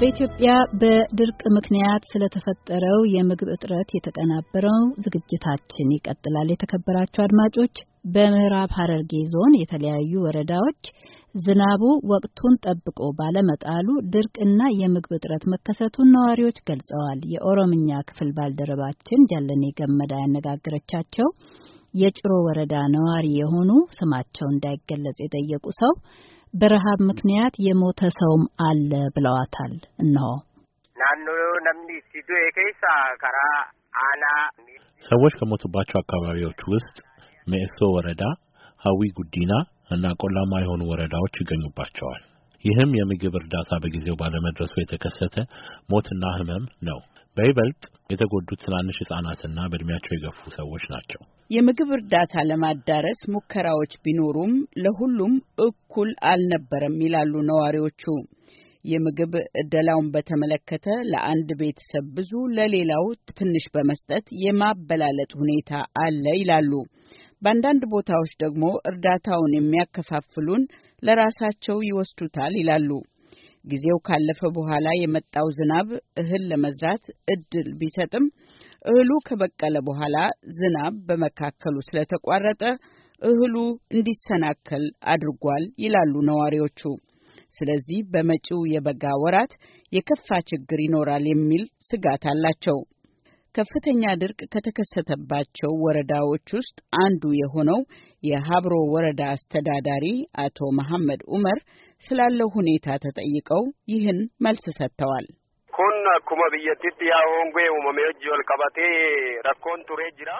በኢትዮጵያ በድርቅ ምክንያት ስለተፈጠረው የምግብ እጥረት የተቀናበረው ዝግጅታችን ይቀጥላል። የተከበራችሁ አድማጮች፣ በምዕራብ ሐረርጌ ዞን የተለያዩ ወረዳዎች ዝናቡ ወቅቱን ጠብቆ ባለመጣሉ ድርቅና የምግብ እጥረት መከሰቱን ነዋሪዎች ገልጸዋል። የኦሮምኛ ክፍል ባልደረባችን ጃለኔ ገመዳ ያነጋገረቻቸው የጭሮ ወረዳ ነዋሪ የሆኑ ስማቸው እንዳይገለጽ የጠየቁ ሰው በረሃብ ምክንያት የሞተ ሰውም አለ ብለዋታል። እነሆ ሰዎች ከሞቱባቸው አካባቢዎች ውስጥ ሜሶ ወረዳ፣ ሀዊ ጉዲና እና ቆላማ የሆኑ ወረዳዎች ይገኙባቸዋል። ይህም የምግብ እርዳታ በጊዜው ባለመድረሱ የተከሰተ ሞትና ህመም ነው። በይበልጥ የተጎዱት ትናንሽ ህጻናትና በእድሜያቸው የገፉ ሰዎች ናቸው። የምግብ እርዳታ ለማዳረስ ሙከራዎች ቢኖሩም ለሁሉም እኩል አልነበረም ይላሉ ነዋሪዎቹ። የምግብ እደላውን በተመለከተ ለአንድ ቤተሰብ ብዙ፣ ለሌላው ትንሽ በመስጠት የማበላለጥ ሁኔታ አለ ይላሉ። በአንዳንድ ቦታዎች ደግሞ እርዳታውን የሚያከፋፍሉን ለራሳቸው ይወስዱታል ይላሉ። ጊዜው ካለፈ በኋላ የመጣው ዝናብ እህል ለመዝራት እድል ቢሰጥም እህሉ ከበቀለ በኋላ ዝናብ በመካከሉ ስለተቋረጠ እህሉ እንዲሰናከል አድርጓል ይላሉ ነዋሪዎቹ። ስለዚህ በመጪው የበጋ ወራት የከፋ ችግር ይኖራል የሚል ስጋት አላቸው። ከፍተኛ ድርቅ ከተከሰተባቸው ወረዳዎች ውስጥ አንዱ የሆነው የሀብሮ ወረዳ አስተዳዳሪ አቶ መሐመድ ኡመር ስላለው ሁኔታ ተጠይቀው ይህን መልስ ሰጥተዋል። ኩን አኩመ ብየቲት ያሆንጎ ረኮን ቱሬ ጅራ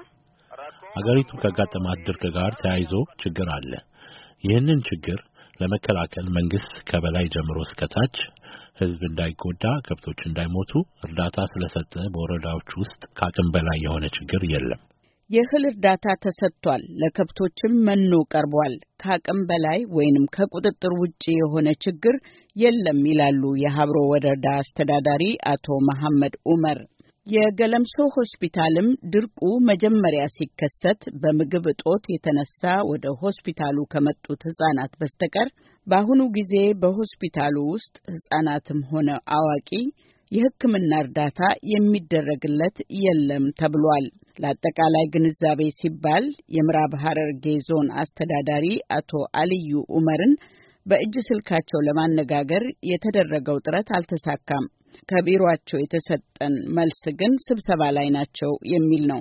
አገሪቱ ካጋጠማት ድርቅ ጋር ተያይዞ ችግር አለ። ይህንን ችግር ለመከላከል መንግስት ከበላይ ጀምሮ እስከታች ህዝብ እንዳይጎዳ፣ ከብቶች እንዳይሞቱ እርዳታ ስለሰጠ በወረዳዎች ውስጥ ከአቅም በላይ የሆነ ችግር የለም። የእህል እርዳታ ተሰጥቷል። ለከብቶችም መኖ ቀርቧል። ከአቅም በላይ ወይንም ከቁጥጥር ውጭ የሆነ ችግር የለም ይላሉ የሀብሮ ወረዳ አስተዳዳሪ አቶ መሐመድ ኡመር። የገለምሶ ሆስፒታልም ድርቁ መጀመሪያ ሲከሰት በምግብ እጦት የተነሳ ወደ ሆስፒታሉ ከመጡት ሕጻናት በስተቀር በአሁኑ ጊዜ በሆስፒታሉ ውስጥ ሕጻናትም ሆነ አዋቂ የሕክምና እርዳታ የሚደረግለት የለም ተብሏል። ለአጠቃላይ ግንዛቤ ሲባል የምዕራብ ሐረርጌ ዞን አስተዳዳሪ አቶ አልዩ ኡመርን በእጅ ስልካቸው ለማነጋገር የተደረገው ጥረት አልተሳካም። ከቢሮአቸው የተሰጠን መልስ ግን ስብሰባ ላይ ናቸው የሚል ነው።